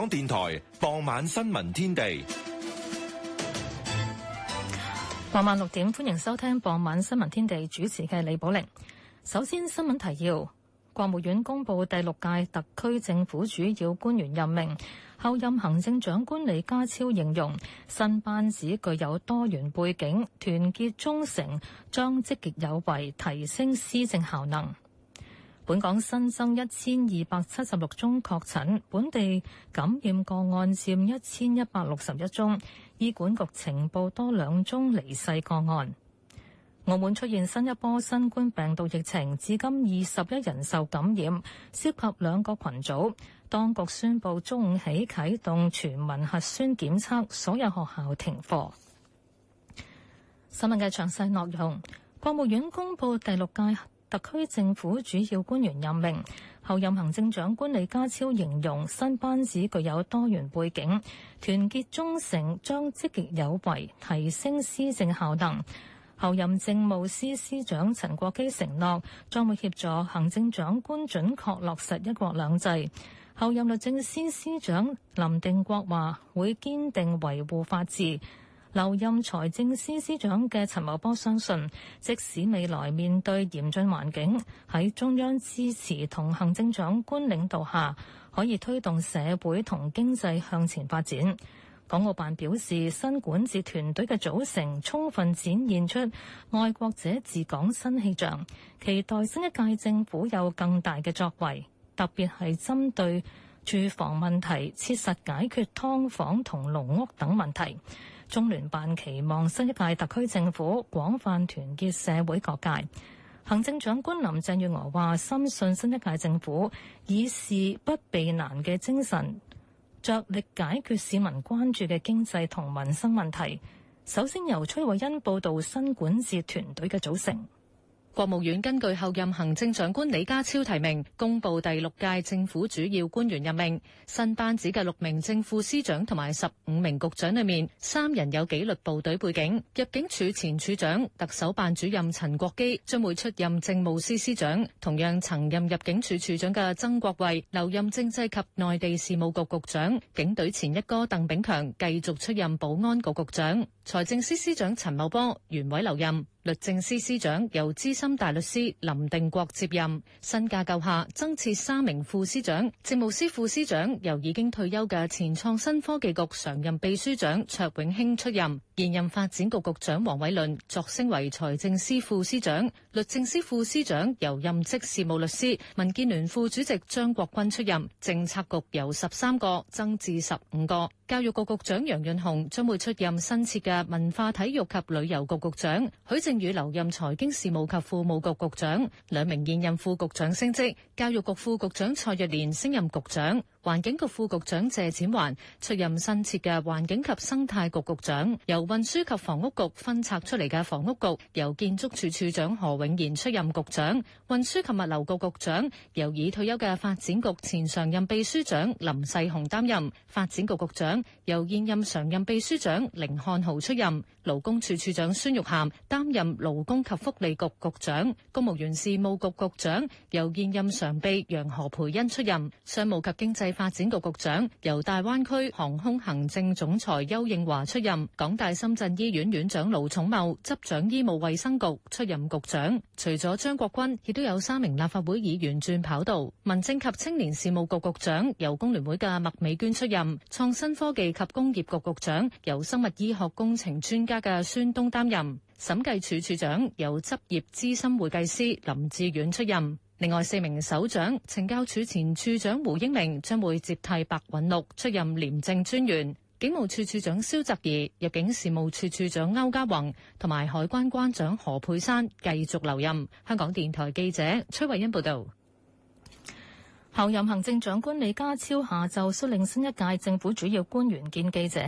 港電台傍晚新聞天地，傍晚六點。歡迎收聽傍晚新聞天地，主持嘅李寶玲。首先新聞提要，國務院公布第六屆特區政府主要官員任命，候任行政長官李家超形容新班子具有多元背景，團結忠誠，將積極有為，提升施政效能。本港新增一千二百七十六宗確診，本地感染個案佔一千一百六十一宗。醫管局呈報多兩宗離世個案。澳門出現新一波新冠病毒疫情，至今二十一人受感染，涉及兩個群組，當局宣布中午起啟動全民核酸檢測，所有學校停課。新聞嘅詳細內容，國務院公布第六屆特區政府主要官員任命，後任行政長官李家超形容新班子具有多元背景，團結忠誠，將積極有為，提升施政效能。后任政務司司司長陳國基承諾將會協助行政長官準確落實一國兩制。後任律政司司司長林定國話會堅定維護法治。留任財政司司長嘅陳茂波相信，即使未來面對嚴峻環境，喺中央支持同行政長官領導下，可以推動社會同經濟向前發展。港澳辦表示，新管治團隊嘅組成充分展現出愛國者治港新氣象，期待新一屆政府有更大嘅作為，特別係針對住房問題，切實解決劏房同農屋等問題。中聯辦期望新一屆特區政府廣泛團結社會各界。行政長官林鄭月娥話：深信新一屆政府以事不避難嘅精神，着力解決市民關注嘅經濟同民生問題。首先由崔偉恩報道新管治團隊嘅組成。國務院根據後任行政長官李家超提名，公布第六屆政府主要官員任命。新班子嘅六名正副司長同埋十五名局長裏面，三人有紀律部隊背景。入境處前處長、特首辦主任陳國基將會出任政務司司長，同樣曾任入境處處長嘅曾國衛留任政制及內地事務局局長，警隊前一哥鄧炳強繼續出任保安局局長，財政司司長陳茂波原位留任。律政司司長由資深大律師林定國接任，新架構下增設三名副司長，政務司副司，司長由已經退休嘅前創新科技局常任秘書長卓永興出任，現任發展局局長黃偉綸擢升為財政司副司長，律政司副司長由任職事務律師、民建聯副主席張國軍出任，政策局由十三個增至十五個。教育局局長楊潤雄將會出任新設嘅文化體育及旅遊局局長，許正宇留任財經事務及庫務局局長，兩名現任副局長升職，教育局副局長蔡若蓮升任局長。環境局副局長謝展環出任新設嘅環境及生態局局長，由運輸及房屋局分拆出嚟嘅房屋局，由建築署署長何永賢出任局長，運輸及物流局局長由已退休嘅發展局前常任秘書長林世雄擔任，發展局局長由現任常任秘書長凌漢豪出任，勞工處處長孫玉涵擔任勞工及福利局局長，公務員事務局局長由現任常秘楊何培恩出任，商務及經濟發展局局長由大灣區航空行政總裁邱應華出任，港大深圳醫院院長盧重茂執掌醫務衛生局出任局長。除咗張國鈞，亦都有三名立法會議員轉跑道。民政及青年事務局局長由工聯會嘅麥美娟出任，創新科技及工業局局長由生物醫學工程專家嘅孫東擔任，審計署署長由執業資深會計師林志遠出任。另外四名首長，懲教署前署長胡英明將會接替白韞六出任廉政專員，警務處處長蕭澤頤、入境事務處處長歐家宏同埋海關關長何佩珊繼續留任。香港電台記者崔慧欣報道。候任行政長官李家超下晝率領新一屆政府主要官員見記者，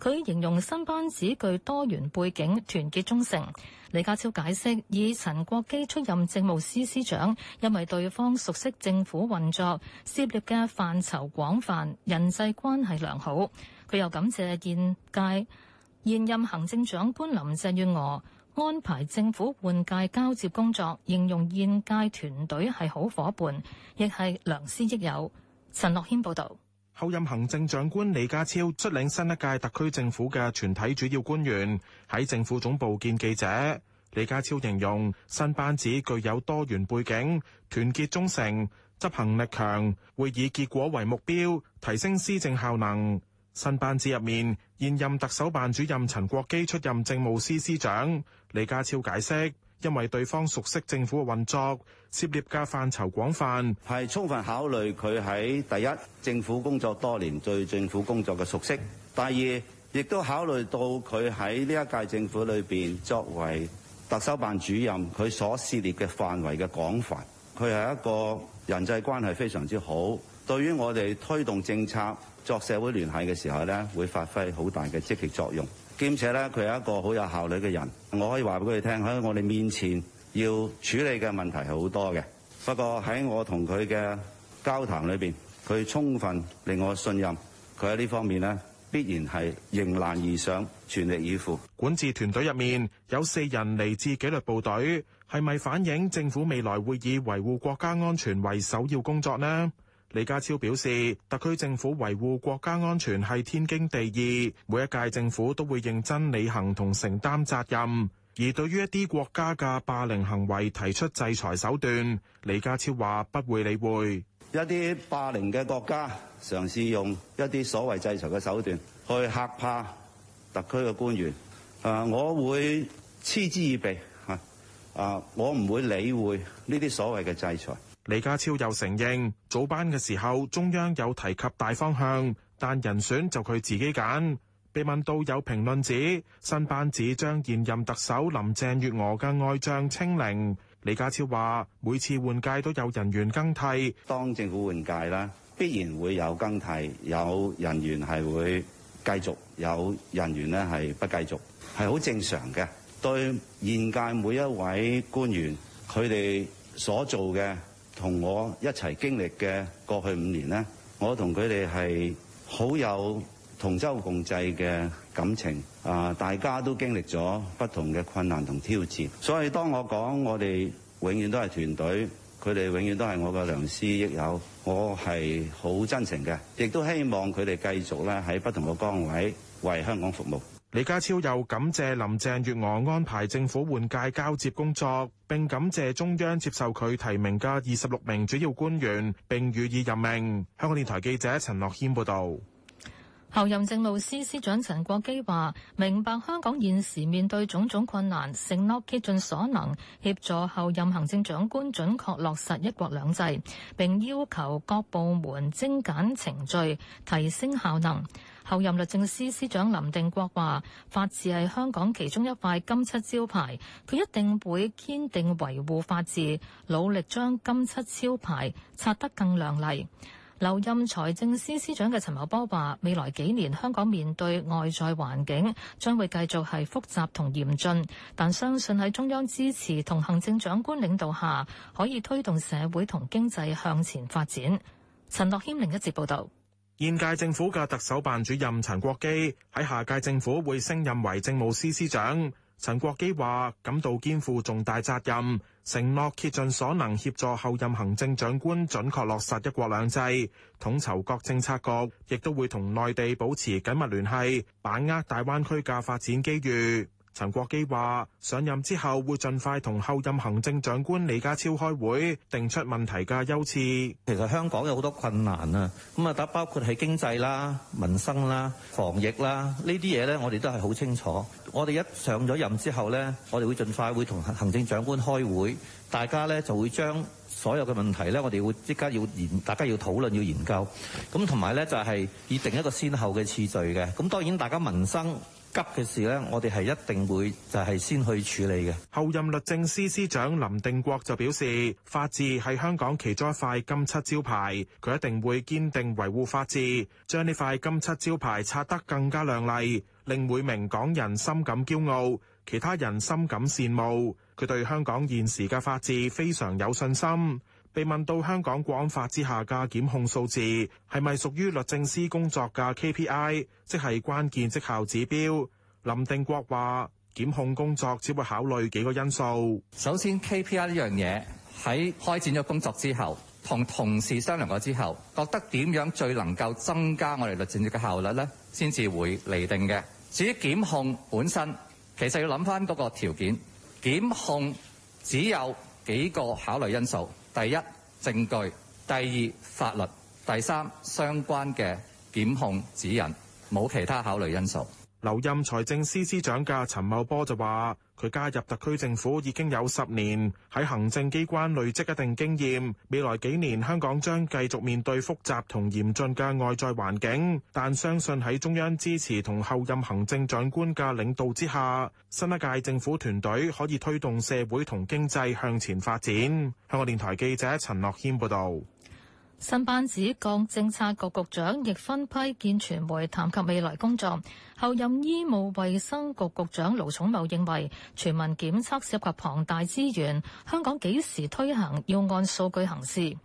佢形容新班子具多元背景，團結忠誠。李家超解釋以陳國基出任政務司司長，因為對方熟悉政府運作，涉獵嘅範疇廣泛，人際關係良好。佢又感謝現屆現任行政長官林鄭月娥安排政府換屆交接工作，形容現屆團隊係好伙伴，亦係良師益友。陳樂軒報導。候任行政長官李家超率領新一屆特區政府嘅全體主要官員喺政府總部見記者。李家超形容新班子具有多元背景、團結忠誠、執行力強，會以結果為目標，提升施政效能。新班子入面，現任特首辦主任陳國基出任政務司司長。李家超解釋。因為對方熟悉政府嘅運作，涉獵嘅範疇廣泛，係充分考慮佢喺第一政府工作多年，對政府工作嘅熟悉；第二，亦都考慮到佢喺呢一屆政府裏邊作為特首辦主任，佢所涉獵嘅範圍嘅廣泛，佢係一個人際關係非常之好，對於我哋推動政策作社會聯繫嘅時候咧，會發揮好大嘅積極作用。兼且咧，佢係一個好有效率嘅人。我可以話俾佢哋聽，喺我哋面前要處理嘅問題係好多嘅。不過喺我同佢嘅交談裏邊，佢充分令我信任佢喺呢方面呢，必然係迎難而上，全力以赴。管治團隊入面有四人嚟自紀律部隊，係咪反映政府未來會以維護國家安全為首要工作呢？李家超表示，特區政府維護國家安全係天經地義，每一屆政府都會認真履行同承擔責任。而對於一啲國家嘅霸凌行為，提出制裁手段，李家超話不會理會。一啲霸凌嘅國家嘗試用一啲所謂制裁嘅手段去嚇怕特區嘅官員，啊，我會嗤之以鼻吓，啊，我唔會理會呢啲所謂嘅制裁。李家超又承認早班嘅時候，中央有提及大方向，但人選就佢自己揀，被問到有評論指新班子將現任特首林鄭月娥嘅愛將清零，李家超話每次換屆都有人員更替，當政府換屆啦，必然會有更替，有人員係會繼續，有人員咧係不繼續，係好正常嘅。對現屆每一位官員佢哋所做嘅。同我一齊經歷嘅過去五年咧，我同佢哋係好有同舟共濟嘅感情啊！大家都經歷咗不同嘅困難同挑戰，所以當我講我哋永遠都係團隊，佢哋永遠都係我嘅良師益友，我係好真誠嘅，亦都希望佢哋繼續咧喺不同嘅崗位為香港服務。李家超又感謝林鄭月娥安排政府換屆交接工作，並感謝中央接受佢提名嘅二十六名主要官員，並予以任命。香港電台記者陳樂謙報道。候任政務司司長陳國基話，明白香港現時面對種種困難，承諾竭盡所能協助候任行政長官準確落實一國兩制，並要求各部門精簡程序，提升效能。候任律政司司長林定國話：法治係香港其中一塊金漆招牌，佢一定會堅定維護法治，努力將金漆招牌擦得更亮麗。留任財政司司長嘅陳茂波話：未來幾年香港面對外在環境將會繼續係複雜同嚴峻，但相信喺中央支持同行政長官領導下，可以推動社會同經濟向前發展。陳諾謙另一節報道。現屆政府嘅特首辦主任陳國基喺下屆政府會升任為政務司司長。陳國基話，感到肩負重大責任，承諾竭盡所能協助後任行政長官準確落實一國兩制，統籌各政策局，亦都會同內地保持緊密聯繫，把握大灣區嘅發展機遇。陳國基話：上任之後會盡快同後任行政長官李家超開會，定出問題嘅優次。其實香港有好多困難啊，咁啊，包括係經濟啦、民生啦、防疫啦呢啲嘢咧，我哋都係好清楚。我哋一上咗任之後咧，我哋會盡快會同行政長官開會，大家咧就會將所有嘅問題咧，我哋會即刻要研，大家要討論要研究。咁同埋咧就係擬定一個先後嘅次序嘅。咁當然大家民生。急嘅事呢，我哋係一定會就係先去處理嘅。後任律政司司司長林定國就表示，法治係香港其中一塊金漆招牌，佢一定會堅定維護法治，將呢塊金漆招牌擦得更加亮麗，令每名港人心感驕傲，其他人心感羨慕。佢對香港現時嘅法治非常有信心。被問到香港國安法之下嘅檢控數字係咪屬於律政司工作嘅 KPI，即係關鍵績效指標，林定國話：檢控工作只會考慮幾個因素。首先，KPI 呢樣嘢喺開展咗工作之後，同同事商量過之後，覺得點樣最能夠增加我哋律政嘅效率呢，先至會釐定嘅。至於檢控本身，其實要諗翻嗰個條件。檢控只有幾個考慮因素。第一證據，第二法律，第三相關嘅檢控指引，冇其他考慮因素。留任財政司司長嘅陳茂波就話。佢加入特區政府已經有十年，喺行政機關累積一定經驗，未來幾年，香港將繼續面對複雜同嚴峻嘅外在環境，但相信喺中央支持同候任行政長官嘅領導之下，新一屆政府團隊可以推動社會同經濟向前發展。香港電台記者陳樂謙報道。新班子各政策局局長亦分批見傳媒談及未來工作。後任醫務衛生局局長盧寵茂認為全民檢測涉及龐大資源，香港幾時推行要按數據行事。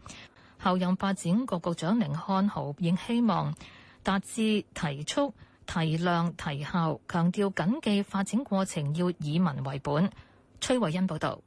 後任發展局局長寧漢豪亦希望達至提速、提量、提效，強調緊記發展過程要以民為本。崔慧欣報道。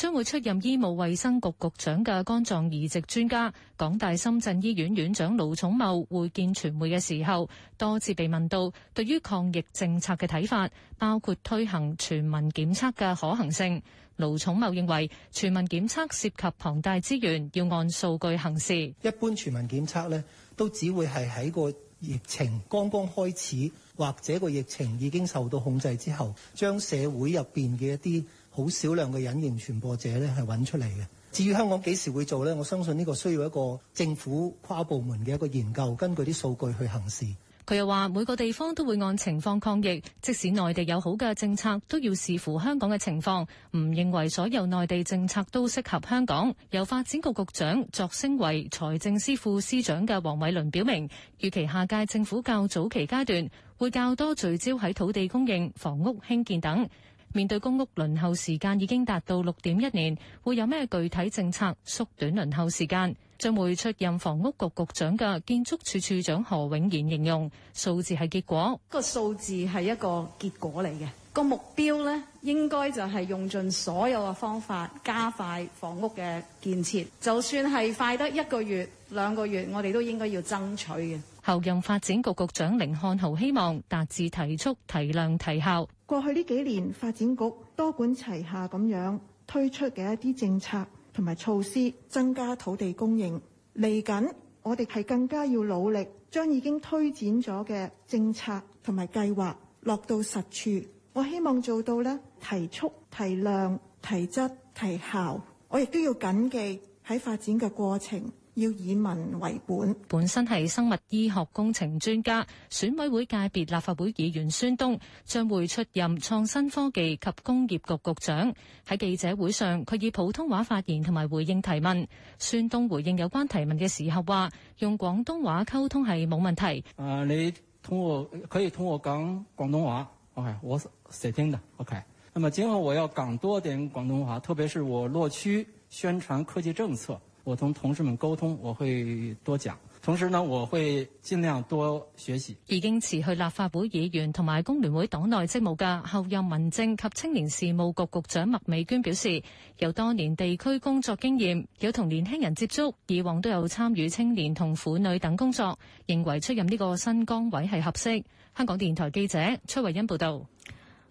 將會出任醫務衛生局局長嘅肝臟移植專家、港大深圳醫院院長盧寵茂會見傳媒嘅時候，多次被問到對於抗疫政策嘅睇法，包括推行全民檢測嘅可行性。盧寵茂認為，全民檢測涉及龐大資源，要按數據行事。一般全民檢測呢，都只會係喺個疫情剛剛開始，或者個疫情已經受到控制之後，將社會入邊嘅一啲。好少量嘅隱形傳播者呢係揾出嚟嘅。至於香港幾時會做呢？我相信呢個需要一個政府跨部門嘅一個研究，根據啲數據去行事。佢又話每個地方都會按情況抗疫，即使內地有好嘅政策，都要視乎香港嘅情況，唔認為所有內地政策都適合香港。由發展局局長擢升為財政司副司長嘅黃偉綸表明，預期下屆政府較早期階段會較多聚焦喺土地供應、房屋興建等。面對公屋輪候時間已經達到六點一年，會有咩具體政策縮短輪候時間？將會出任房屋局局長嘅建築署署長何永賢形容數字係結果，個數字係一個結果嚟嘅。個目標呢，應該就係用盡所有嘅方法加快房屋嘅建設，就算係快得一個月、兩個月，我哋都應該要爭取嘅。後任發展局局長甯漢豪希望達至提速、提量、提效。過去呢幾年發展局多管齊下咁樣推出嘅一啲政策同埋措施，增加土地供應。嚟緊我哋係更加要努力，將已經推展咗嘅政策同埋計劃落到實處。我希望做到咧提速、提量、提質、提效。我亦都要緊記喺發展嘅過程。要以民為本。本身係生物醫學工程專家，選委會界別立法會議員孫東將會出任創新科技及工業局局，局長。喺記者會上，佢以普通話發言同埋回應提問。孫東回應有關提問嘅時候話，用廣東話溝通係冇問題。誒、呃，你通過可以通過講廣東話，okay，我係我寫聽㗎。OK，咁啊，今後我要講多點廣東話，特別是我落區宣傳科技政策。我同同事們溝通，我會多講。同時呢，我會盡量多學習。已經辭去立法會議員同埋工聯會黨內職務嘅候任民政及青年事務局局，局長麥美娟表示，有多年地區工作經驗，有同年輕人接觸，以往都有參與青年同婦女等工作，認為出任呢個新崗位係合適。香港電台記者崔慧欣報道。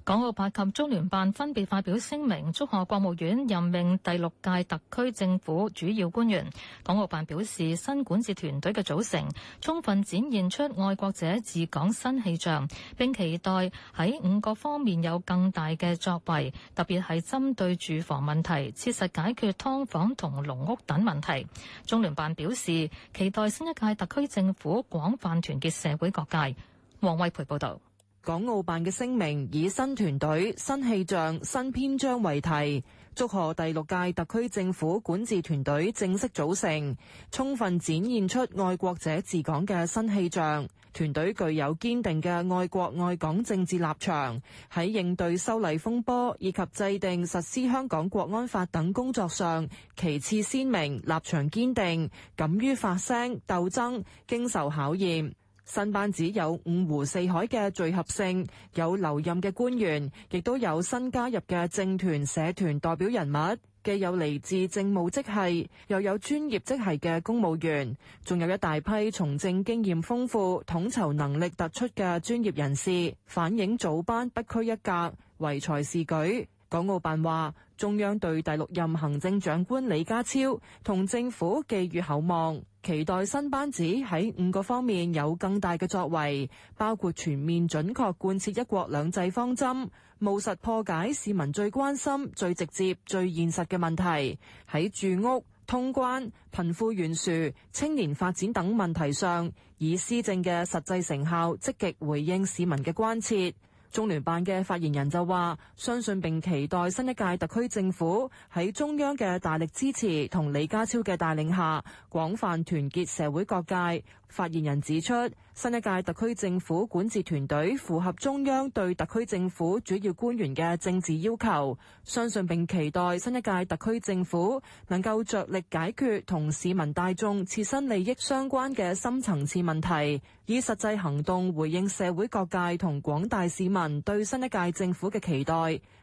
港澳辦及中聯辦分別發表聲明，祝賀國務院任命第六屆特區政府主要官員。港澳辦表示，新管治團隊嘅組成，充分展現出愛國者治港新氣象，並期待喺五個方面有更大嘅作為，特別係針對住房問題，切實解決劏房同籠屋等問題。中聯辦表示，期待新一屆特區政府廣泛團結社會各界。王惠培報導。港澳辦嘅聲明以新團隊、新氣象、新篇章為題，祝賀第六屆特區政府管治團隊正式組成，充分展現出愛國者治港嘅新氣象。團隊具有堅定嘅愛國愛港政治立場，喺應對修例風波以及制定實施香港國安法等工作上，旗幟鮮明，立場堅定，敢於發聲鬥爭，經受考驗。新班子有五湖四海嘅聚合性，有留任嘅官員，亦都有新加入嘅政團社團代表人物，既有嚟自政務職系，又有專業職系嘅公務員，仲有一大批從政經驗豐富、統籌能力突出嘅專業人士，反映組班不拘一格，唯才是舉。港澳辦話，中央對第六任行政長官李家超同政府寄予厚望。期待新班子喺五個方面有更大嘅作為，包括全面準確貫徹一國兩制方針，務實破解市民最關心、最直接、最現實嘅問題，喺住屋、通關、貧富懸殊、青年發展等問題上，以施政嘅實際成效積極回應市民嘅關切。中聯辦嘅發言人就話，相信並期待新一屆特區政府喺中央嘅大力支持同李家超嘅帶領下，廣泛團結社會各界。發言人指出，新一屆特區政府管治團隊符合中央對特區政府主要官員嘅政治要求，相信並期待新一屆特區政府能夠着力解決同市民大眾切身利益相關嘅深層次問題，以實際行動回應社會各界同廣大市民對新一屆政府嘅期待，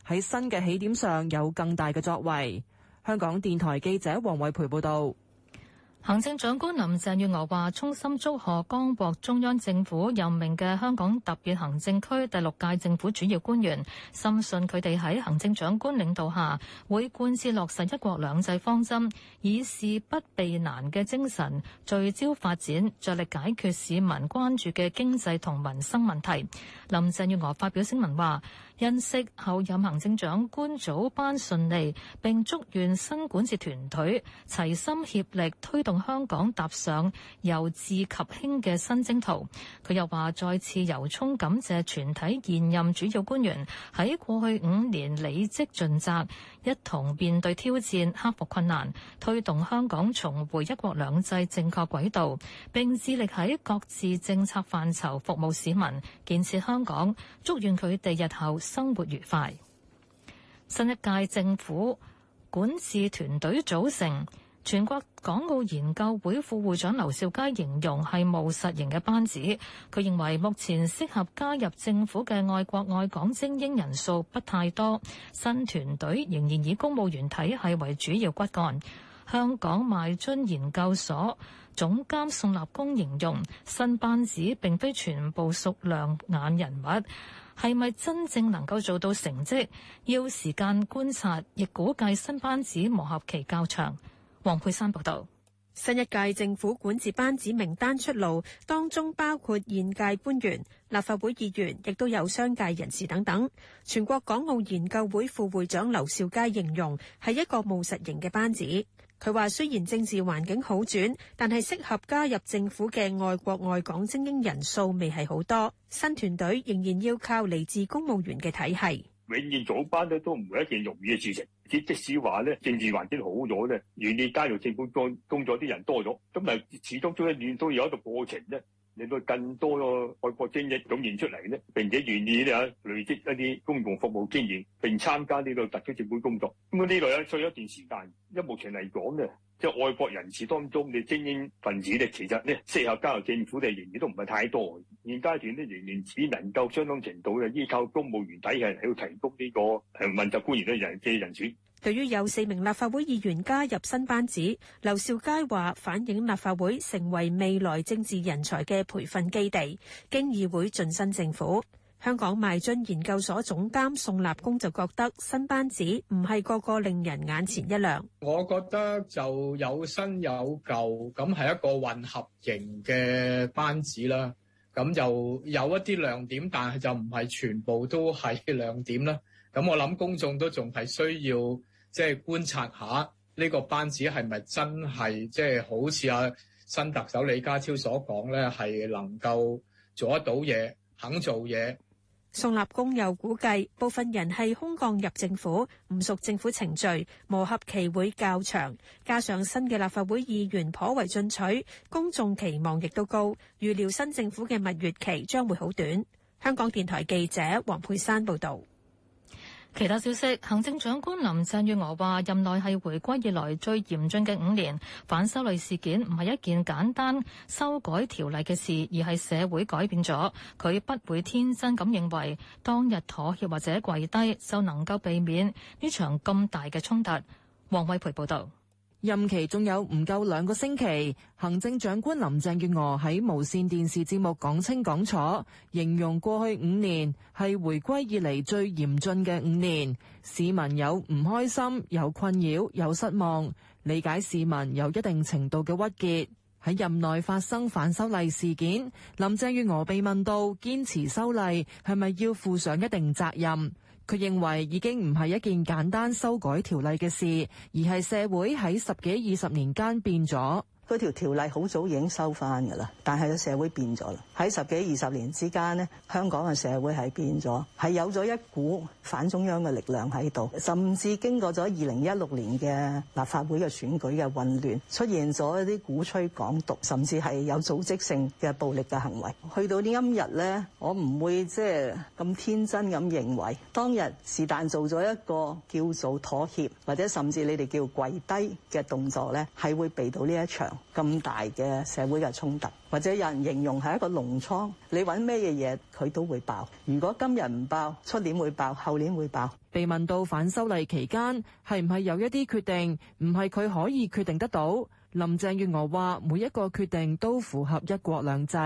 喺新嘅起點上有更大嘅作為。香港電台記者黃偉培報道。行政長官林鄭月娥話：衷心祝賀剛獲中央政府任命嘅香港特別行政區第六屆政府主要官員，深信佢哋喺行政長官領導下，會貫徹落實一國兩制方針，以事不避難嘅精神聚焦發展，着力解決市民關注嘅經濟同民生問題。林鄭月娥發表聲明話。欣悉後任行政長官組班順利，並祝願新管治團隊齊心協力推動香港踏上由治及興嘅新征途。佢又話，再次由衷感謝全體現任主要官員喺過去五年履職盡責。一同面對挑戰、克服困難，推動香港重回一國兩制正確軌道，並致力喺各自政策範疇服務市民，建設香港。祝願佢哋日後生活愉快。新一屆政府管治團隊組成。全國港澳研究會副會長劉兆佳形容係務實型嘅班子。佢認為目前適合加入政府嘅外國外港精英人數不太多，新團隊仍然以公務員體系為主要骨幹。香港邁進研究所總監宋立功形容新班子並非全部屬亮眼人物，係咪真正能夠做到成績，要時間觀察，亦估計新班子磨合期較長。黃佩珊報道，新一屆政府管治班子名單出爐，當中包括現屆官員、立法會議員，亦都有商界人士等等。全國港澳研究會副會長劉兆佳形容係一個務實型嘅班子。佢話雖然政治環境好轉，但係適合加入政府嘅外國外港精英人數未係好多。新團隊仍然要靠嚟自公務員嘅體系。永遠組班呢都唔係一件容易嘅事情。即使話咧，政治環境好咗咧，願意加入政府工工作啲人多咗，咁咪始終都一段都要有一個過程啫。令到更多嘅愛國精英湧現出嚟咧，並且願意咧累積一啲公共服務經驗，並參加呢個特區政府工作。咁呢度咧需要一段時間。因目前嚟講咧，即係愛國人士當中嘅精英分子咧，其實咧適合加入政府嘅仍然都唔係太多。現階段咧仍然只能夠相當程度嘅依靠公務員體系嚟到提供呢個問責官員咧人嘅人選。對於有四名立法會議員加入新班子，劉兆佳話反映立法會成為未來政治人才嘅培訓基地，經議會晉身政府。香港邁進研究所總監宋立功就覺得新班子唔係個個令人眼前一亮。我覺得就有新有舊，咁係一個混合型嘅班子啦。咁就有一啲亮點，但係就唔係全部都係亮點啦。咁我諗公眾都仲係需要即係觀察下呢個班子係咪真係即係好似阿新特首李家超所講咧，係能夠做得到嘢，肯做嘢。宋立功又估計部分人係空降入政府，唔熟政府程序，磨合期會較長，加上新嘅立法會議員頗為進取，公眾期望亦都高，預料新政府嘅蜜月期將會好短。香港電台記者黃佩珊報道。其他消息，行政長官林鄭月娥話任內係回歸以來最嚴峻嘅五年，反修例事件唔係一件簡單修改條例嘅事，而係社會改變咗。佢不會天真咁認為當日妥協或者跪低就能夠避免呢場咁大嘅衝突。黃惠培報道。任期仲有唔夠兩個星期，行政長官林鄭月娥喺無線電視節目講清講楚，形容過去五年係回歸以嚟最嚴峻嘅五年，市民有唔開心、有困擾、有失望，理解市民有一定程度嘅鬱結。喺任內發生反修例事件，林鄭月娥被問到堅持修例係咪要負上一定責任？佢認為已經唔係一件簡單修改條例嘅事，而係社會喺十幾二十年間變咗。嗰條條例好早已經收翻㗎啦，但係個社會變咗啦。喺十幾二十年之間咧，香港嘅社會係變咗，係有咗一股反中央嘅力量喺度。甚至經過咗二零一六年嘅立法會嘅選舉嘅混亂，出現咗一啲鼓吹港獨，甚至係有組織性嘅暴力嘅行為。去到呢今日呢，我唔會即係咁天真咁認為，當日是但做咗一個叫做妥協，或者甚至你哋叫跪低嘅動作呢，係會避到呢一場。咁大嘅社會嘅衝突，或者有人形容係一個農倉，你揾咩嘢嘢佢都會爆。如果今日唔爆，出年會爆，後年會爆。被問到反修例期間係唔係有一啲決定，唔係佢可以決定得到，林鄭月娥話每一個決定都符合一國兩制。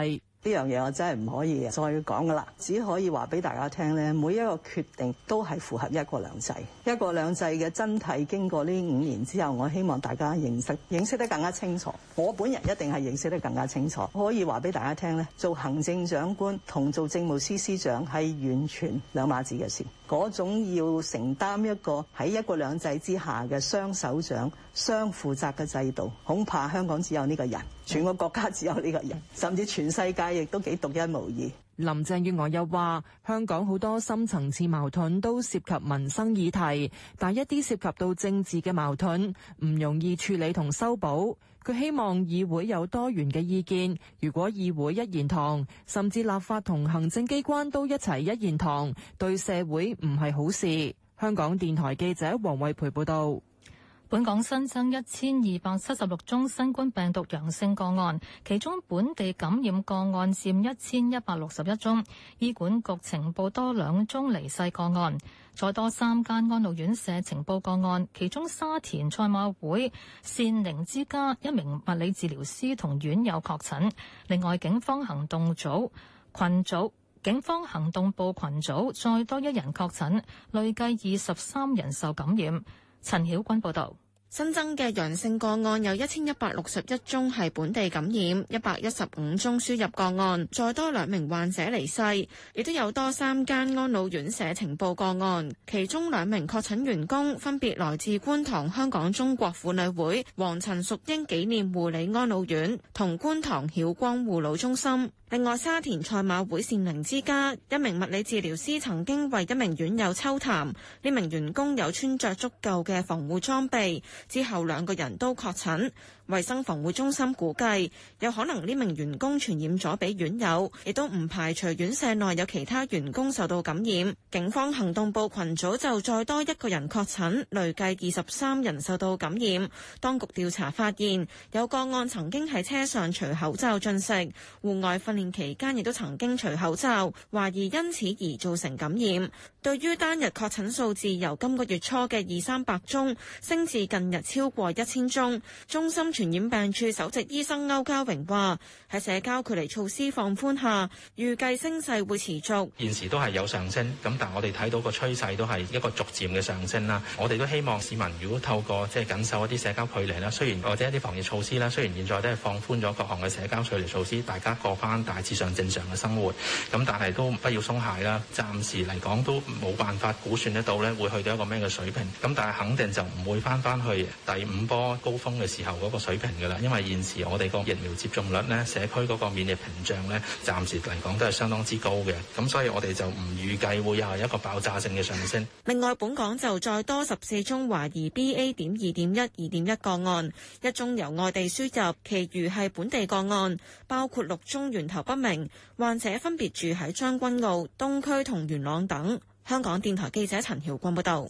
呢樣嘢我真係唔可以再講噶啦，只可以話俾大家聽咧，每一個決定都係符合一國兩制。一國兩制嘅真諦經過呢五年之後，我希望大家認識，認識得更加清楚。我本人一定係認識得更加清楚。可以話俾大家聽咧，做行政長官同做政務司司長係完全兩碼子嘅事。嗰種要承擔一個喺一國兩制之下嘅雙首長、雙負責嘅制度，恐怕香港只有呢個人，全個國家只有呢個人，甚至全世界亦都幾獨一無二。林鄭月娥又話：香港好多深層次矛盾都涉及民生議題，但一啲涉及到政治嘅矛盾，唔容易處理同修補。佢希望議會有多元嘅意見。如果議會一言堂，甚至立法同行政機關都一齊一言堂，對社會唔係好事。香港電台記者黃慧培報導。本港新增一千二百七十六宗新冠病毒陽性個案，其中本地感染個案佔一千一百六十一宗。醫管局呈報多兩宗離世個案，再多三間安老院舍呈報個案，其中沙田賽馬會善寧之家一名物理治療師同院友確診。另外，警方行動組群組警方行動部群組再多一人確診，累計二十三人受感染。陳曉君報道，新增嘅陽性個案有一千一百六十一宗係本地感染，一百一十五宗輸入個案，再多兩名患者離世，亦都有多三間安老院社呈報個案，其中兩名確診員工分別來自觀塘香港中國婦女會黃陳淑英紀念護理安老院同觀塘曉光護老中心。另外，沙田賽馬會善寧之家一名物理治療師曾經為一名院友抽痰，呢名員工有穿着足夠嘅防護裝備，之後兩個人都確診。衛生防護中心估計，有可能呢名員工傳染咗俾院友，亦都唔排除院舍內有其他員工受到感染。警方行動部群組就再多一個人確診，累計二十三人受到感染。當局調查發現，有個案曾經喺車上除口罩進食，戶外訓練期間亦都曾經除口罩，懷疑因此而造成感染。對於單日確診數字由今個月初嘅二三百宗升至近日超過一千宗，中心。傳染病處首席醫生歐家榮話：喺社交距離措施放寬下，預計升勢會持續。現時都係有上升，咁但係我哋睇到個趨勢都係一個逐漸嘅上升啦。我哋都希望市民如果透過即係謹守一啲社交距離啦，雖然或者一啲防疫措施啦，雖然現在都係放寬咗各項嘅社交距離措施，大家過翻大致上正常嘅生活，咁但係都不要鬆懈啦。暫時嚟講都冇辦法估算得到咧會去到一個咩嘅水平，咁但係肯定就唔會翻翻去第五波高峰嘅時候嗰個。水平㗎啦，因為現時我哋個疫苗接種率呢，社區嗰個免疫屏障呢，暫時嚟講都係相當之高嘅，咁所以我哋就唔預計會有係一個爆炸性嘅上升。另外，本港就再多十四宗懷疑 BA. 點二點一、二點一個案，一宗由外地輸入，其餘係本地個案，包括六宗源頭不明，患者分別住喺將軍澳、東區同元朗等。香港電台記者陳曉光報道。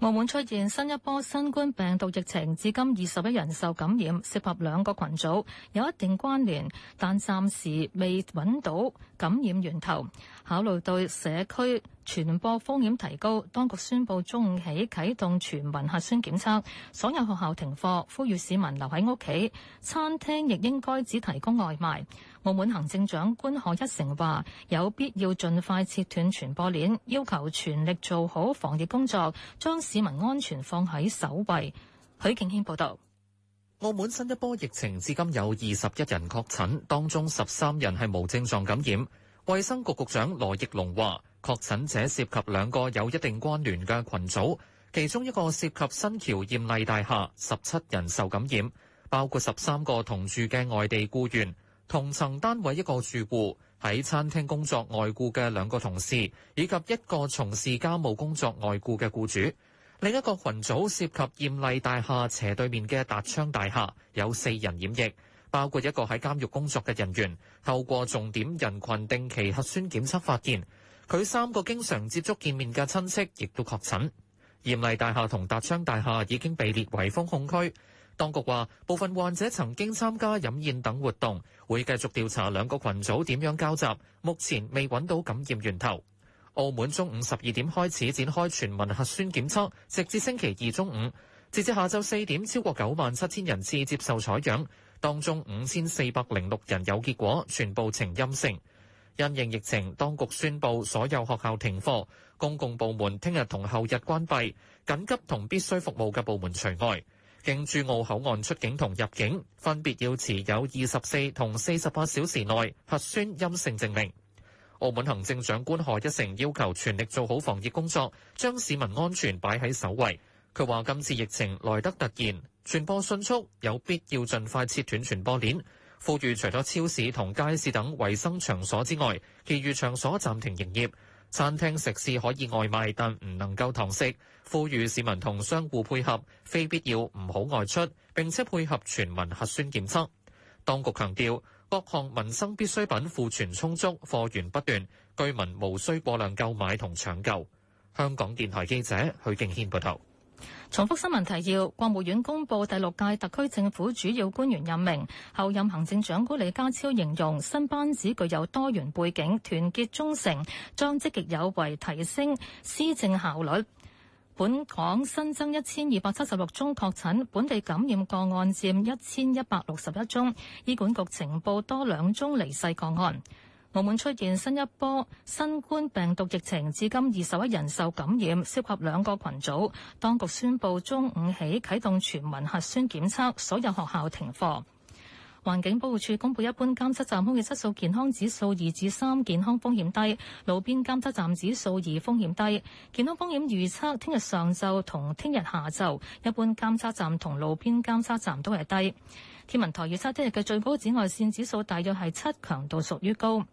澳門出現新一波新冠病毒疫情，至今二十一人受感染，涉及兩個群組，有一定關聯，但暫時未揾到感染源頭。考慮到社區傳播風險提高，當局宣布中午起啟動全民核酸檢測，所有學校停課，呼籲市民留喺屋企。餐廳亦應該只提供外賣。澳門行政長官賀一誠話：有必要盡快切斷傳播鏈，要求全力做好防疫工作，將市民安全放喺首位。許敬軒報導。澳門新一波疫情至今有二十一人確診，當中十三人係無症狀感染。.衛生局局長羅奕龍話，確診者涉及兩個有一定關聯嘅群組，其中一個涉及新橋艷麗大廈，十七人受感染，包括十三個同住嘅外地僱員、同層單位一個住戶、喺餐廳工作外僱嘅兩個同事，以及一個從事家務工作外僱嘅僱主。另一個群組涉及艷麗大廈斜對面嘅達昌大廈，有四人染疫。包括一個喺監獄工作嘅人員，透過重點人群定期核酸檢測發現，佢三個經常接觸見面嘅親戚亦都確診。嚴麗大廈同達昌大廈已經被列為封控區。當局話，部分患者曾經參加飲宴等活動，會繼續調查兩個群組點樣交集，目前未揾到感染源頭。澳門中午十二點開始展開全民核酸檢測，直至星期二中午，截至下晝四點，超過九萬七千人次接受採樣。當中五千四百零六人有結果，全部呈陰性。因應疫情，當局宣布所有學校停課，公共部門聽日同後日關閉，緊急同必須服務嘅部門除外。經珠澳口岸出境同入境分別要持有二十四同四十八小時內核酸陰性證明。澳門行政長官賀一誠要求全力做好防疫工作，將市民安全擺喺首位。佢話：今次疫情來得突然。傳播迅速，有必要盡快切斷傳播鏈。呼籲除咗超市同街市等衞生場所之外，其餘場所暫停營業。餐廳食肆可以外賣，但唔能夠堂食。呼籲市民同商戶配合，非必要唔好外出，並且配合全民核酸檢測。當局強調，各項民生必需品庫存充足，貨源不斷，居民無需過量購買同搶購。香港電台記者許敬軒報道。重複新聞提要：國務院公布第六屆特區政府主要官員任命，候任行政長官李家超形容新班子具有多元背景、團結忠誠，將積極有為提升施政效率。本港新增一千二百七十六宗確診，本地感染個案占一千一百六十一宗，醫管局情報多兩宗離世個案。澳門出現新一波新冠病毒疫情，至今二十一人受感染，涉及兩個群組。當局宣布中午起啟動全民核酸檢測，所有學校停課。環境保護署公布一般監測站空氣質素健康指數二至三，健康風險低；路邊監測站指數二，風險低。健康風險預測聽日上晝同聽日下晝，一般監測站同路邊監測站都係低。天文台預測聽日嘅最高紫外線指數大約係七，強度屬於高。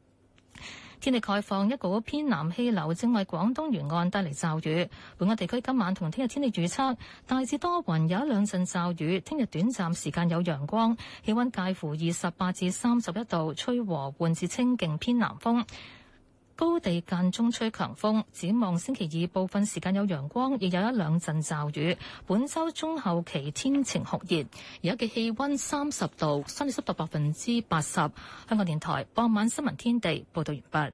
天氣概況，一股偏南氣流正為廣東沿岸帶嚟驟雨。本港地區今晚同聽日天氣預測大致多雲，有一兩陣驟雨。聽日短暫時間有陽光，氣溫介乎二十八至三十一度，吹和緩至清勁偏南風。高地間中吹強風，展望星期二部分時間有陽光，亦有一兩陣驟雨。本周中後期天晴酷熱，而家嘅氣溫三十度，相對濕度百分之八十。香港電台傍晚新聞天地報道完畢。